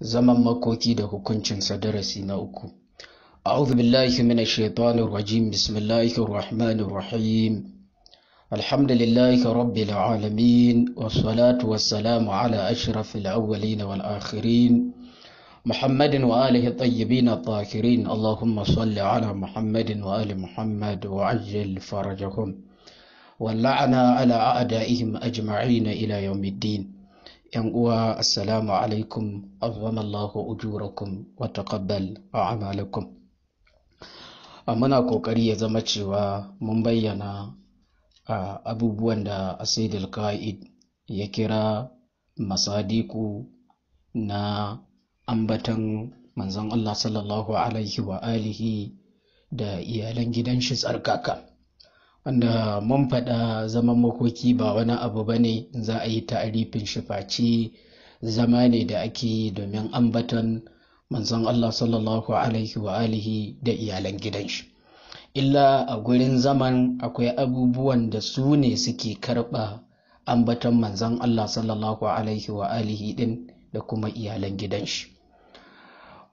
زمن makoki da كنشن darasi na uku أعوذ بالله من الشيطان الرجيم بسم الله الرحمن الرحيم الحمد لله رب العالمين والصلاة والسلام على أشرف الأولين والآخرين محمد وآله الطيبين الطاهرين اللهم صل على محمد وآل محمد وعجل فرجهم ولعنا على أعدائهم أجمعين إلى يوم الدين 'yan uwa assalamu alaikum azamallahu ujurakum wa taqabbal a'malakum muna kokari ya zama cewa mun bayyana abubuwan da asidul ka'id ya kira masadiku na ambatan manzon Allah sallallahu alaihi wa alihi da iyalan gidan shi tsarkaka wanda mun faɗa zaman makoki ba wani abu ba ne za a yi ta'arifin shi zama ne da ake yi domin ambaton manzon Allah sallallahu alaihi wa alihi da iyalan gidan shi illa a gurin zaman akwai abubuwan da su ne suke karɓa ambaton manzon Allah sallallahu alaihi wa alihi din da kuma iyalan gidan shi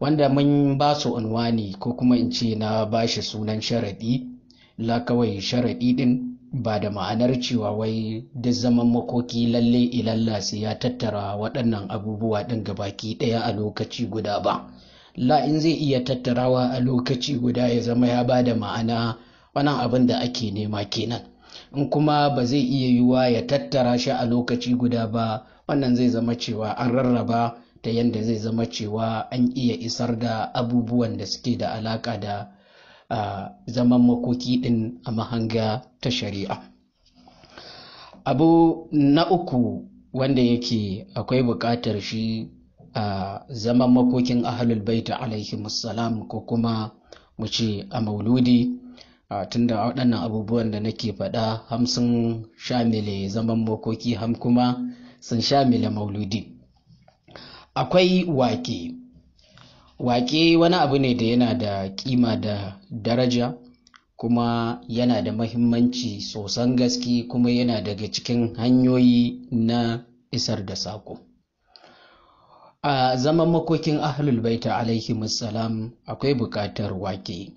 wanda mun ba su unwani ko kuma in ce na ba shi sunan sharadi? la kawai sharaɗi ɗin ba da ma'anar cewa wai da zaman makoki lalle ilalla sai ya tattara waɗannan abubuwa ɗin gabaki ɗaya a lokaci guda ba la in zai iya tattarawa a lokaci guda ya zama ya ba da ma'ana wannan abin da ake nema kenan in kuma ba zai iya yiwuwa ya tattara shi a lokaci guda ba wannan zai zama cewa an rarraba ta yanda zai zama cewa an iya isar da abubuwan da suke da alaƙa da a zaman makoki din a mahanga ta shari'a abu na uku wanda yake akwai buƙatar shi a zaman makokin ahalul baita alaihi musallam ko kuma mu ce a mauludi tunda waɗannan abubuwan da nake faɗa hamsin shamile zaman makoki ham kuma sun shamile mauludi akwai wake Wake wani abu ne da yana da kima da daraja kuma yana da mahimmanci sosan gaske kuma yana daga cikin hanyoyi na isar da saƙo. A zaman makokin Ahlul Baita alaihi musallam akwai buƙatar wake.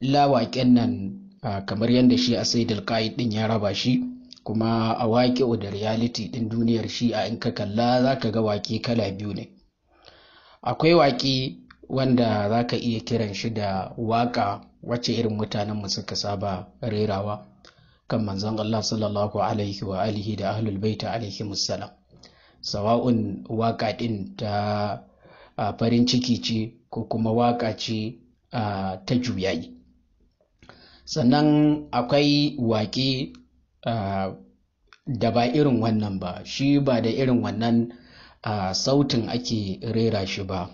La waƙen nan kamar yadda shi a sai Qaid ɗin ya raba shi kuma a o da reality ɗin duniyar shi a in ka kalla za ka ga wake kala biyu ne. akwai waƙe wanda za ka iya kiran shi da waƙa wacce irin mutanenmu suka saba rerawa kan manzon Allah sallallahu alaihi wa alihi da ahlul baita alaihi musallam sawa'un waƙa ɗin ta farin ciki ce ko kuma waƙa ce ta juyayi sannan akwai waƙe da ba irin wannan ba shi ba da irin wannan a sautin ake rera shi ba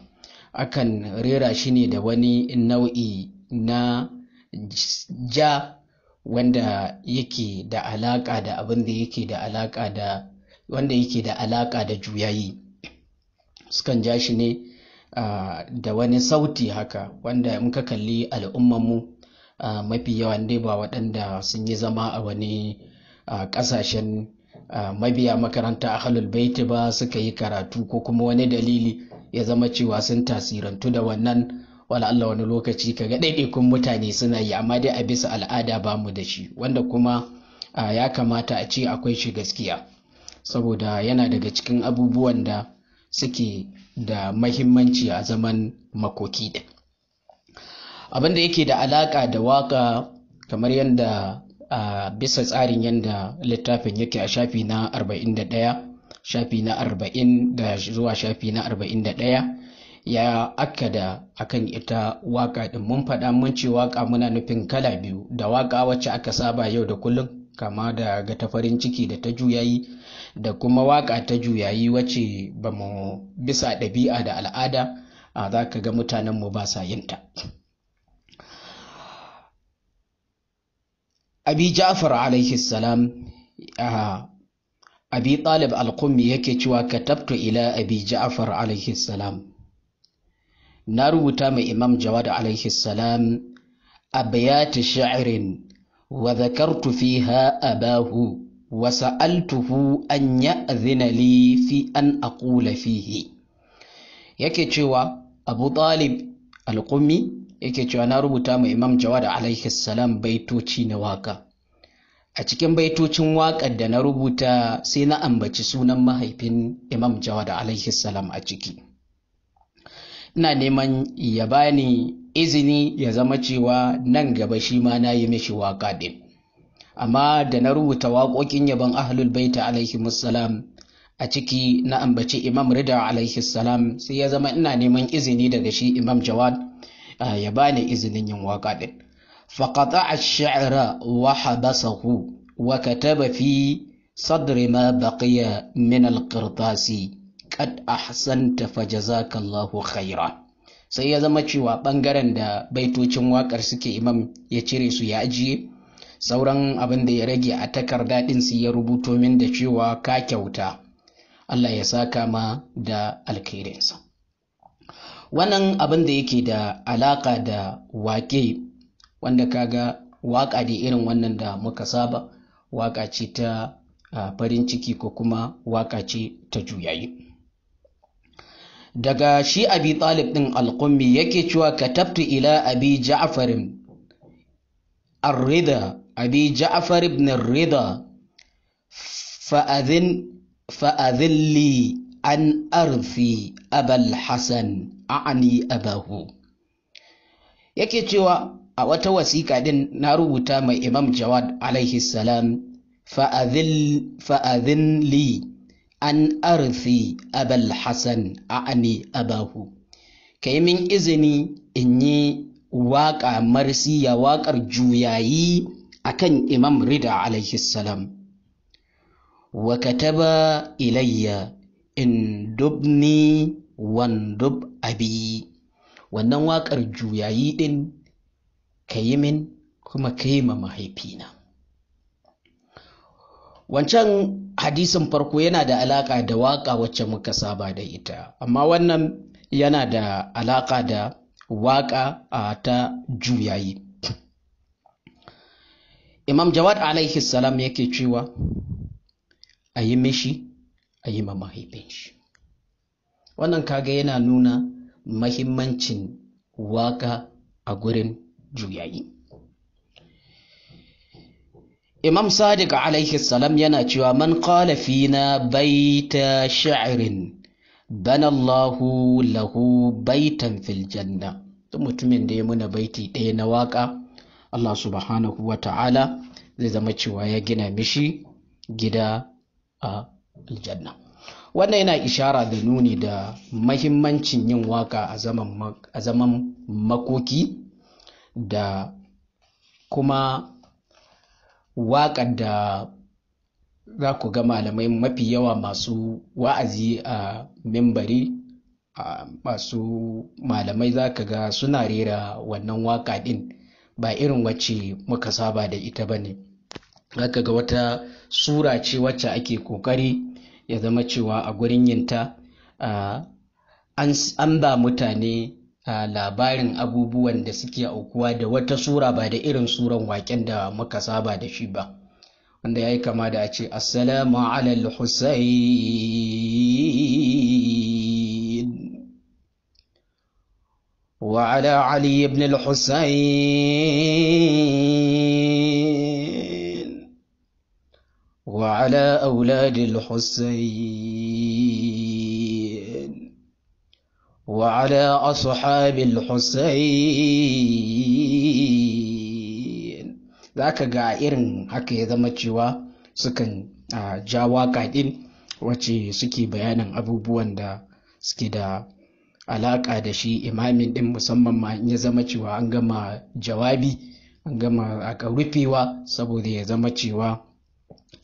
akan rera shi ne da wani nau'i na ja wanda yake da alaƙa da abin da yake da alaƙa da wanda yake da alaƙa da juyayi sukan ja shi ne da wani sauti haka wanda in ka kalli al'ummanmu mafi yawan dai ba waɗanda sun yi zama a wani ƙasashen Ah, mabiya makaranta a ahlul baiti ba suka yi karatu ko kuma wani dalili ya zama cewa sun tasirantu da wannan wala Allah wani lokaci ka kaga ɗaiɗaikun mutane suna yi amma dai a bisa al'ada ba mu da shi wanda kuma ya kamata a ce akwai shi gaskiya saboda yana daga cikin abubuwan da suke da mahimmanci a zaman makoki ɗin abin da yake da alaƙa da waƙa kamar yadda a bisa tsarin yadda littafin yake a shafi na 41 shafi na 40 da zuwa shafi na 41 ya aka akada akan ita waka din mun faɗa mun ce waka muna nufin kala biyu da waka wacce aka saba yau da kullum kama daga ta farin ciki da ta juyayi da kuma waka ta juyayi wacce ba mu bisa ɗabi'a da al'ada a za ka ga mutanenmu ba sa yinta. abi ja'far alaihi salam abi talib al yake cewa katabtu ila abi ja'far alaihi salam na rubuta mai imam jawad alaihi salam bayati sha'irin wa dhakartu fiha abahu wa sa'altuhu an ya'dhina li fi an aqula fihi yake cewa abu talib al yake cewa na rubuta ma imam jawad alaihi salam baitoci na waka a cikin baitocin waƙar da na rubuta sai na ambaci sunan mahaifin imam jawad alaihi salam a ciki ina neman ya bani izini ya zama cewa nan gaba shi ma na yi mishi waƙa ɗin amma da na rubuta waƙoƙin yabon ahlul baita alaihi salam a ciki na ambaci imam rida alaihi salam sai ya zama ina neman izini daga shi imam jawad Ah, ya bani izinin yin waka din faqata ash-sha'ra wa habasahu wa kataba fi sadri ma baqiya min al-qirtasi qad ahsanta fajazaka Allahu khaira sai ya zama cewa bangaren da baitocin wakar suke imam ya cire su ya ajiye sauran abin da ya rage a takarda din su ya rubuto min da cewa ka kyauta Allah ya saka ma da alkhairinsa wannan abin da yake da alaka da wake wanda kaga waka da irin wannan da muka saba waka ce ta farin ciki ko kuma waka ce ta juyayi daga shi abi talib din alƙummi yake cewa katabtu ila abi ja'farin الرضا أبي جعفر بن الرضا فأذن فأذن لي أن أرثي أبا الحسن a'ani abahu yake cewa a wata wasiƙa din na rubuta mai imam jawad alaihi salam fa'adhin li an arfi abal hassan a'ani abahu ka yi min izini in yi waƙa marsiya waƙar juyayi akan imam rida alaihi salam wa kataba ilayya in dubni wandub abi wannan waƙar juyayi ɗin ka yi min kuma ka yi ma mahaifina wancan hadisin farko yana da alaƙa da waƙa wacce muka saba da ita amma wannan yana da alaƙa da waƙa ta juyayi imam jawad alaihi salam yake cewa a yi mishi a yi ma mahaifin wannan kaga yana nuna mahimmancin waka a gurin juyayi imam sadiq alaihi salam yana cewa man qala fina baita sha'irin bana Allahu lahu baitan fil janna duk mutumin da ya muna baiti ɗaya na waka Allah subhanahu wa ta'ala zai zama cewa ya gina mishi gida a aljanna wannan yana ishara da nuni da mahimmancin yin waka a zaman makoki da kuma waƙar da za ku ga malamai mafi yawa masu wa'azi a mimbari masu malamai za ka ga suna rera wannan waƙa ɗin ba irin wacce muka saba da ita ba ne za ka ga wata sura ce wacce ake ƙoƙari ya zama cewa a gurin yinta an ba mutane labarin abubuwan da suke aukuwa da wata sura ba da irin suran waken da muka saba da shi ba wanda ya yi kama da a ce assalamu alal husayn ali ibn al husayn وعلى أولاد الحسين وعلى أصحاب الحسين ذاك ga irin haka ya zama cewa sukan ja waƙa ɗin wacce suke bayanin abubuwan da suke da alaƙa da shi imamin ɗin musamman ma ya zama cewa an gama jawabi an gama aka saboda ya zama cewa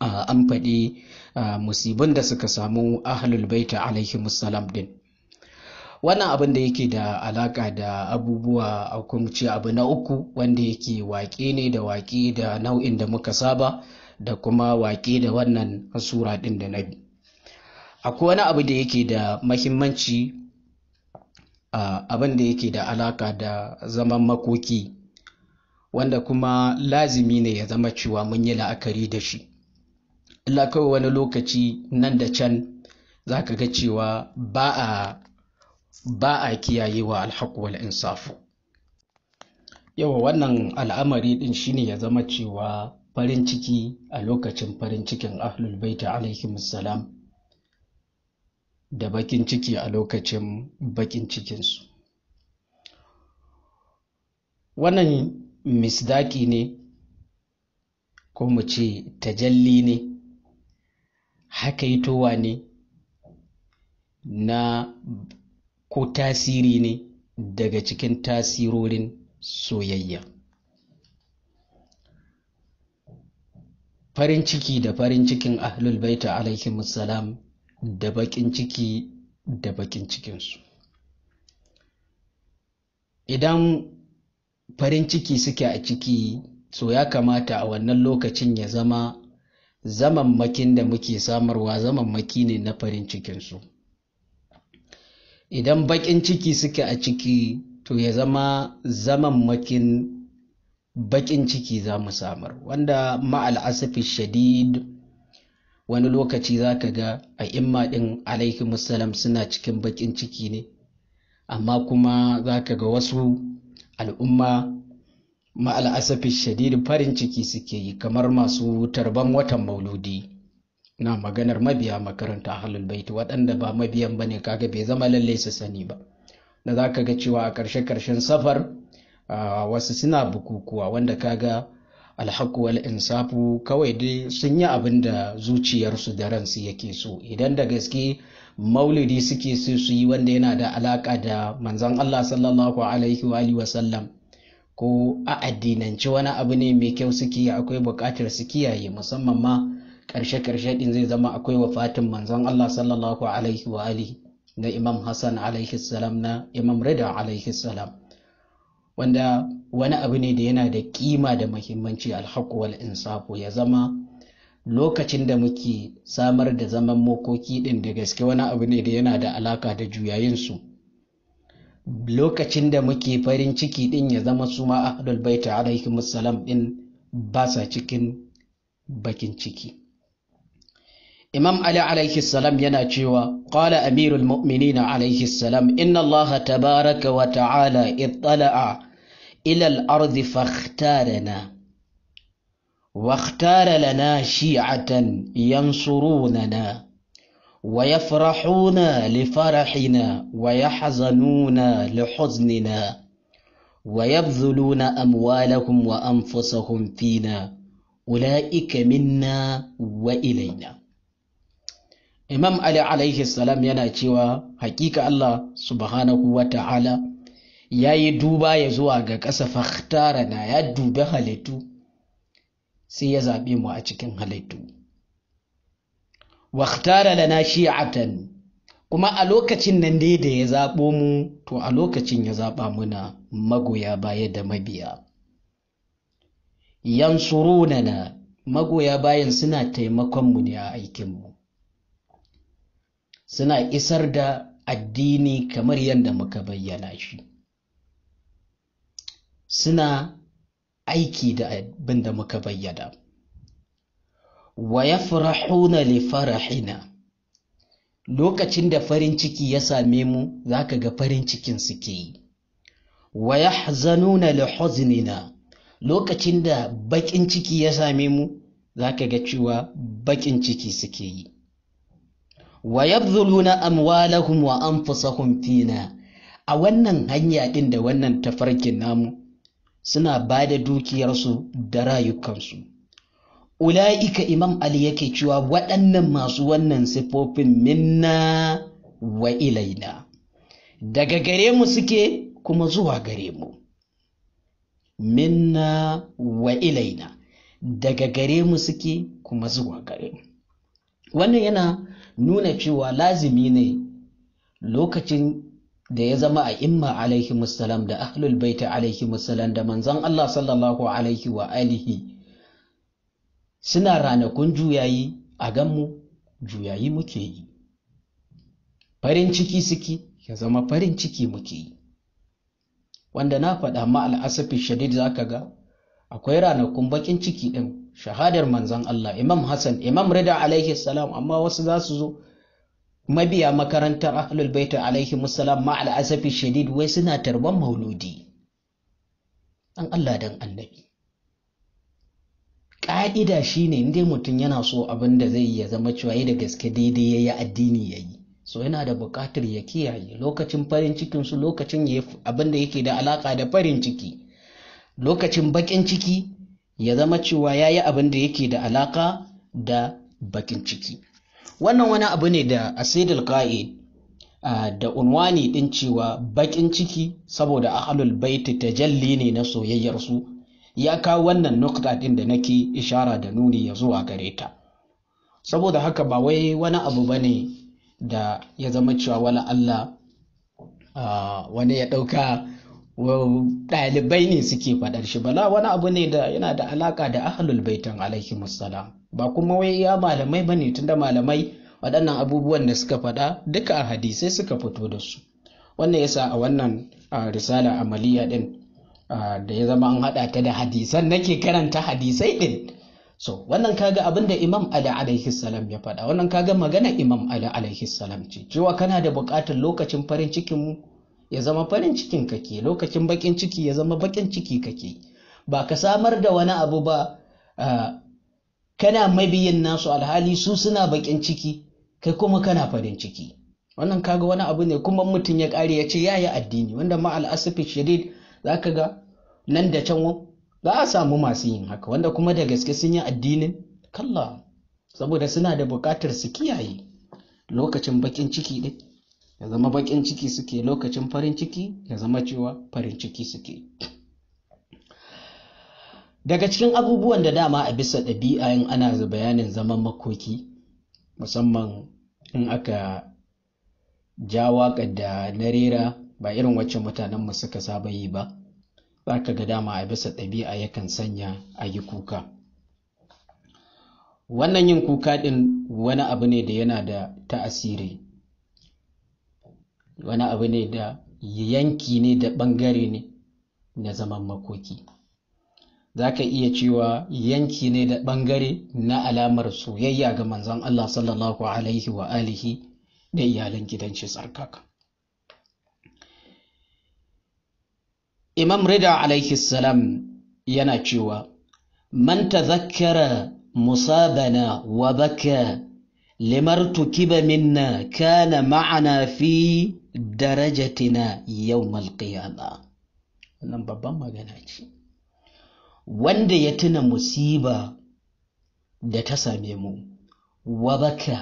an faɗi musibin da suka samu ahlul baita alaihi musallam din wannan abin da yake da alaka da abubuwa a kumci abu na uku wanda yake waƙe ne da waƙe da nau'in da muka saba da kuma waƙe da wannan sura ɗin da na bi akwai wani abu da yake da mahimmanci abin da yake da alaka da zaman makoki wanda kuma lazimi ne ya zama cewa mun yi la'akari da shi illa kawai wani lokaci nan da can za ka ga cewa ba a kiyaye wa kiyayewa alhaku wal insafu yawa wannan al'amari din shine ya zama cewa farin ciki a lokacin farin cikin ahlul baita alaihi salam da bakin ciki a lokacin bakin cikinsu wannan misdaki ne ko mu ce tajalli ne Haka hakaitowa ne na ko tasiri ne daga cikin tasirorin soyayya farin ciki da farin cikin ahlul baita musallam da bakin ciki da bakin cikinsu idan farin ciki suke a ciki so ya kamata a wannan lokacin ya zama zamammakin da muke samarwa zamammaki ne na farin cikinsu idan baƙin ciki suke a ciki to ya zama zamammakin baƙin ciki za mu samar wanda ma'al ma'al'asafi shadid wani lokaci za ka ga a imma ɗin alaihi musalam suna cikin baƙin ciki ne amma kuma za ka ga wasu al'umma ma'al asafi shadidin farin ciki suke yi kamar masu tarban watan mauludi na maganar mabiya makaranta halul baiti waɗanda ba mabiyan ne kaga bai zama lallai su sani ba da za ka ga cewa a ƙarshe ƙarshen safar wasu suna bukukuwa wanda kaga alhaku wal insafu kawai dai sun yi abin da zuciyarsu da ransu yake so idan da gaske maulidi suke so su yi wanda yana da alaka da manzon Allah sallallahu alaihi wa sallam ko a addinance wani abu ne mai kyau suke akwai bukatar su kiyaye musamman ma ƙarshe karshe ɗin zai zama akwai wafatin manzon Allah sallallahu alaihi wa ali na Imam Hassan alaihi salam na Imam Rida alaihi salam wanda wani abu ne da yana da kima da muhimmanci alhaq wal insafu ya zama lokacin da muke samar da zaman mokoki ɗin da gaske wani abu ne da yana da alaka da juyayinsu lokacin da muke farin ciki din ya zama su ma ahlul baita alaihi musallam din ba sa cikin bakin ciki imam ali alaihi salam yana cewa qala amirul mu'minin alaihi salam inna allaha tabaraka wa ta'ala ittala'a ila al-ard fakhtarana واختار لنا شيعة ينصروننا ويفرحون لفرحنا ويحزنون لحزننا ويبذلون أموالهم وأنفسهم فينا أولئك منا وإلينا Imam Ali alaihi salam yana cewa hakika Allah subhanahu wa ta'ala ya yi duba ya zuwa ga ƙasa fahtara na ya dubi halittu sai ya zaɓe mu a cikin halittu. waktara lana shi'atan kuma a lokacin nan dai da ya zaɓo mu to a lokacin ya zaɓa muna magoya baya da mabiya yansurunana magoya bayan suna taimakon mu ne a aikinmu suna isar da addini kamar yadda muka bayyana shi suna aiki da abin da muka bayyana wa yafrahuna li farahina lokacin da farin ciki ya same mu za ka ga farin cikin suke yi wa yahzanuna li huznina lokacin da baƙin ciki ya same mu za ka ga cewa baƙin ciki suke yi wa yabdhuluna amwalahum wa anfusahum fina a wannan hanya ɗin da wannan tafarkin namu suna ba da dukiyarsu da rayukansu ula'ika imam ali yake cewa waɗannan masu wannan sifofin minna wa ilaina daga gare mu suke kuma zuwa gare mu minna wa ilaina daga gare mu suke kuma zuwa gare mu wannan yana nuna cewa lazimi ne lokacin da ya zama a imma alaihi musallam da ahlul baita alaihi musallam da manzon Allah sallallahu alaihi wa alihi suna ranakun juyayi a ganmu juyayi muke yi farin ciki suke ya zama farin ciki muke yi wanda na faɗa ma al'asafi shadid za ka ga akwai ranakun bakin ciki ɗin shahadar manzan Allah imam Hassan imam Rida alaihi salam amma wasu za su zo mabiya makarantar ahlul baita alaihi musallam ma al'asafi shadid wai suna tarban mauludi dan Allah dan annabi ƙa'ida shine ne dai mutum yana so abin da zai ya zama cewa yi da gaske daidai ya yi addini ya yi so yana da buƙatar ya kiyaye lokacin farin cikin su lokacin ya abin da yake da alaƙa da farin ciki lokacin baƙin ciki ya zama cewa ya yi abin da yake da alaƙa da baƙin ciki wannan wani abu ne da asidul qa'id da unwani din cewa baƙin ciki saboda ahalul baiti tajalli ne na soyayyar su. ya kawo wannan nukta ɗin da nake ishara da nuni ya zuwa gare ta saboda haka ba wai wani abu ba ne da ya zama cewa wani Allah wani ya ɗauka ɗalibai ne suke faɗar shi bala wani abu ne da yana da alaƙa da ahlul baitan alaihi musallam ba kuma wai ya malamai ba bane tunda malamai waɗannan abubuwan da suka faɗa duka a hadisai suka fito da su wannan yasa a wannan risala amaliya ɗin Ah, da ya zama an haɗa ta da hadisan nake karanta hadisai ɗin so wannan kaga abin da imam ali alaihi salam ya faɗa wannan kaga magana imam ali alaihi salam ce cewa kana da buƙatar lokacin farin cikin ya zama farin cikin kake lokacin baƙin ciki ya zama baƙin ciki kake ba ka samar da wani abu ba ah, kana mabiyin nasu alhali su suna baƙin ciki kai kuma kana farin ciki wannan kaga wani abu ne kuma mutum ya ƙare ya ce ya addini wanda ma al'asifi shirid za ka ga nan da can za a samu masu yin haka wanda kuma da gaske sun yi addinin kalla saboda suna da bukatar su kiyaye lokacin bakin ciki ɗin ya zama bakin ciki suke lokacin farin ciki ya zama cewa farin ciki suke daga cikin abubuwan da dama a bisa ɗabi'a in ana bayanin zaman makoki musamman in aka ja waƙar da na rera ba irin wacce mutanenmu suka saba yi ba za ka ga dama a bisa ɗabi'a yakan sanya a yi kuka wannan yin kuka ɗin wani abu ne da yana da ta'asiri wani abu ne da yanki ne da ɓangare ne na zaman makoki za ka iya cewa yanki ne da ɓangare na alamar soyayya ga manzon Allah sallallahu alaihi wa alihi da iyalan gidan shi tsarkaka imam rida alaihi salam yana cewa man tazakkara musabana wa baka limartukiba minna kana ma'ana fi darajatina yawmal qiyama wannan babban magana ce wanda ya tuna musiba da ta same mu wa baka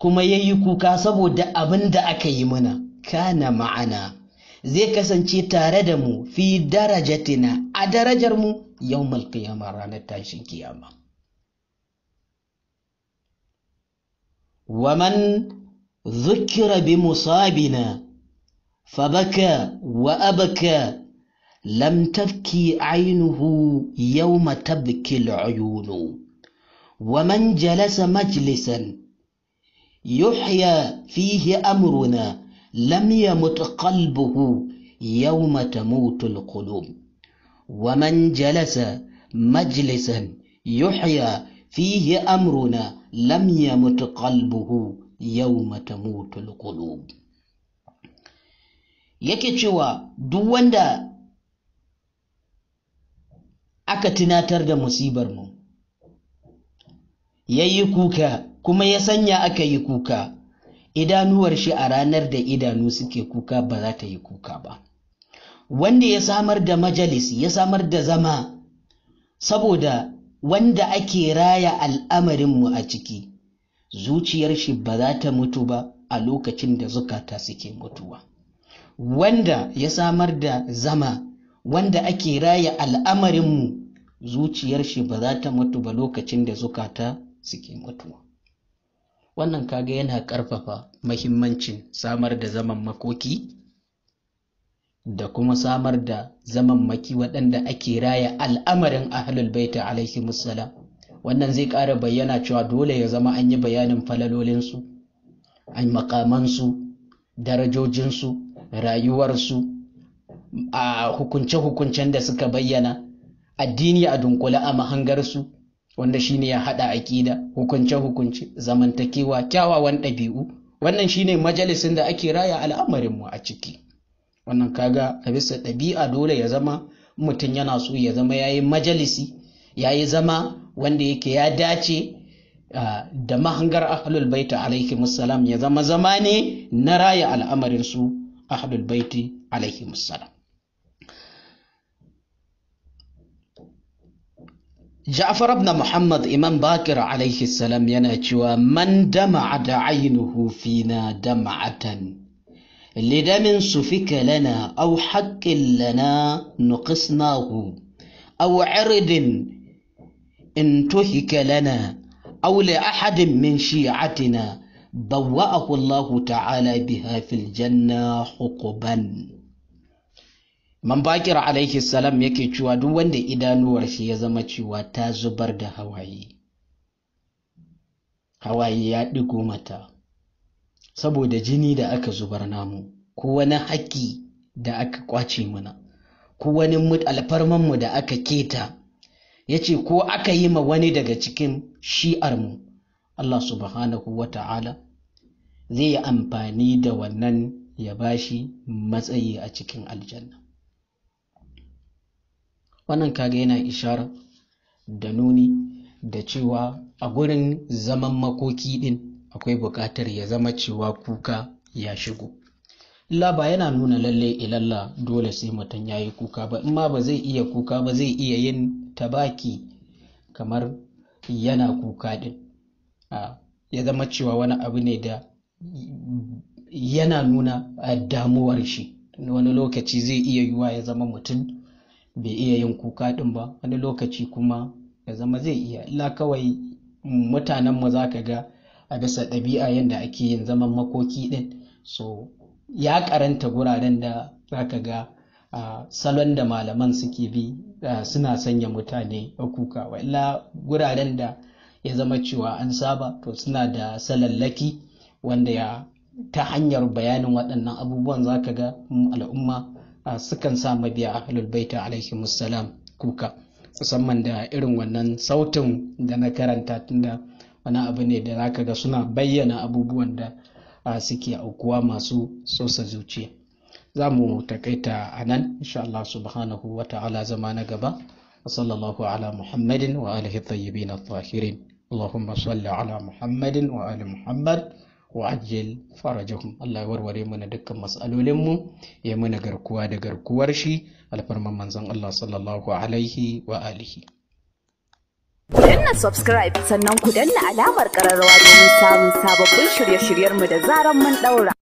kuma yayi kuka saboda abin da aka yi mana kana ma'ana zai kasance tare da mu fi darajatina a darajar mu yau qiyama ranar tashin kiyama waman zukira bi musabina fabaka wa abaka lam tafki ainuhu yau tabki al'uyunu Waman جلس مجلسا يحيى فيه أمرنا لم يمت قلبه يوم تموت القلوب ومن جلس مجلسا يحيى فيه أمرنا لم يمت قلبه يوم تموت القلوب yake cewa duk wanda aka tunatar da musibar mu ya yi kuka kuma ya sanya aka yi kuka idanuwar shi a ranar da idanu suke kuka ba za ta yi kuka ba wanda ya samar da majalis ya samar da zama saboda wanda ake raya al'amarinmu a ciki zuciyar shi ba za ta mutu ba a lokacin da zukata suke mutuwa wanda ya samar da zama wanda ake raya al'amarinmu zuciyar shi ba za ta mutu ba lokacin da zukata suke mutuwa wannan kaga yana ƙarfafa mahimmancin samar da zaman makoki da kuma samar da zaman maki waɗanda ake raya al'amarin ahlul baita alaihi musallam wannan zai ƙara bayyana cewa dole ya zama an yi bayanin falalolinsu an makamansu darajojinsu rayuwarsu a hukunce-hukuncen da suka bayyana addini a dunkule a mahangarsu wanda shine ya haɗa aƙida hukunce-hukunce zamantakewa kyawawan ɗabi'u wannan shine majalisin da ake raya al'amarinmu a ciki wannan kaga a bisa ɗabi'a dole ya zama mutum yana so ya zama ya yi majalisi ya yi zama wanda yake ya dace ah, da mahangar ahlul baiti alaihi salam ya zama zama ne na raya al'amarinsu ahlul baiti alaihi salam جعفر ابن محمد إمام باكر عليه السلام ينأتوا من دمع عينه فينا دمعة لدم سفك لنا أو حق لنا نقصناه أو عرد انتهك لنا أو لأحد من شيعتنا بوأه الله تعالى بها في الجنة حقبا man bakir alaihi salam yake cewa duk wanda idanuwar shi ya zama cewa ta zubar da hawaye hawaye ya ɗigo mata saboda jini da aka zubar namu ko wani haƙƙi da aka ƙwace mana ko wani alfarmanmu da aka keta ya ce ko aka yi ma wani daga cikin shi'armu Allah subhanahu wa ta'ala zai yi amfani da wannan ya bashi matsayi a cikin aljanna wannan kaga yana ishara da nuni da cewa a gurin zaman makoki din akwai buƙatar ya zama cewa kuka ya shigo illa ba yana nuna lalle ilalla eh, dole sai mutum ya yi kuka ba in ma ba zai iya kuka ba zai iya yin tabaki kamar yana kuka din ya zama cewa wani abu ne da yana nuna damuwar shi wani lokaci zai iya yiwa ya zama mutum bai iya yin kuka ɗin ba wani lokaci kuma ya zama zai iya illa kawai mutanen mu za ka ga a bisa ɗabi'a yadda ake yin zaman makoki ɗin so ya karanta guraren da za ka ga salon da malaman suke bi suna sanya mutane kuka wa illa guraren da ya zama cewa an saba to suna da salallaki wanda ya ta hanyar bayanin waɗannan abubuwan za ka ga al'umma sukan sa mabiya ahlul baita alaihi musallam kuka musamman da irin wannan sautin da na karanta tunda wani abu ne da zaka ga suna bayyana abubuwan da suke aukuwa masu sosa zuciya za mu takaita a nan insha Allah subhanahu wa ta'ala zama na gaba وصلى الله على محمد وآله الطيبين الطاهرين اللهم صل على محمد وآل محمد wa'ajil farajahum Allah ya warware mana dukkan matsalolinmu ya mana garkuwa da garkuwar shi alfarman manzon Allah sallallahu alaihi wa alihi ku danna subscribe sannan ku danna alamar kararrawa domin samun sababbin shirye-shiryenmu da zaran mun daura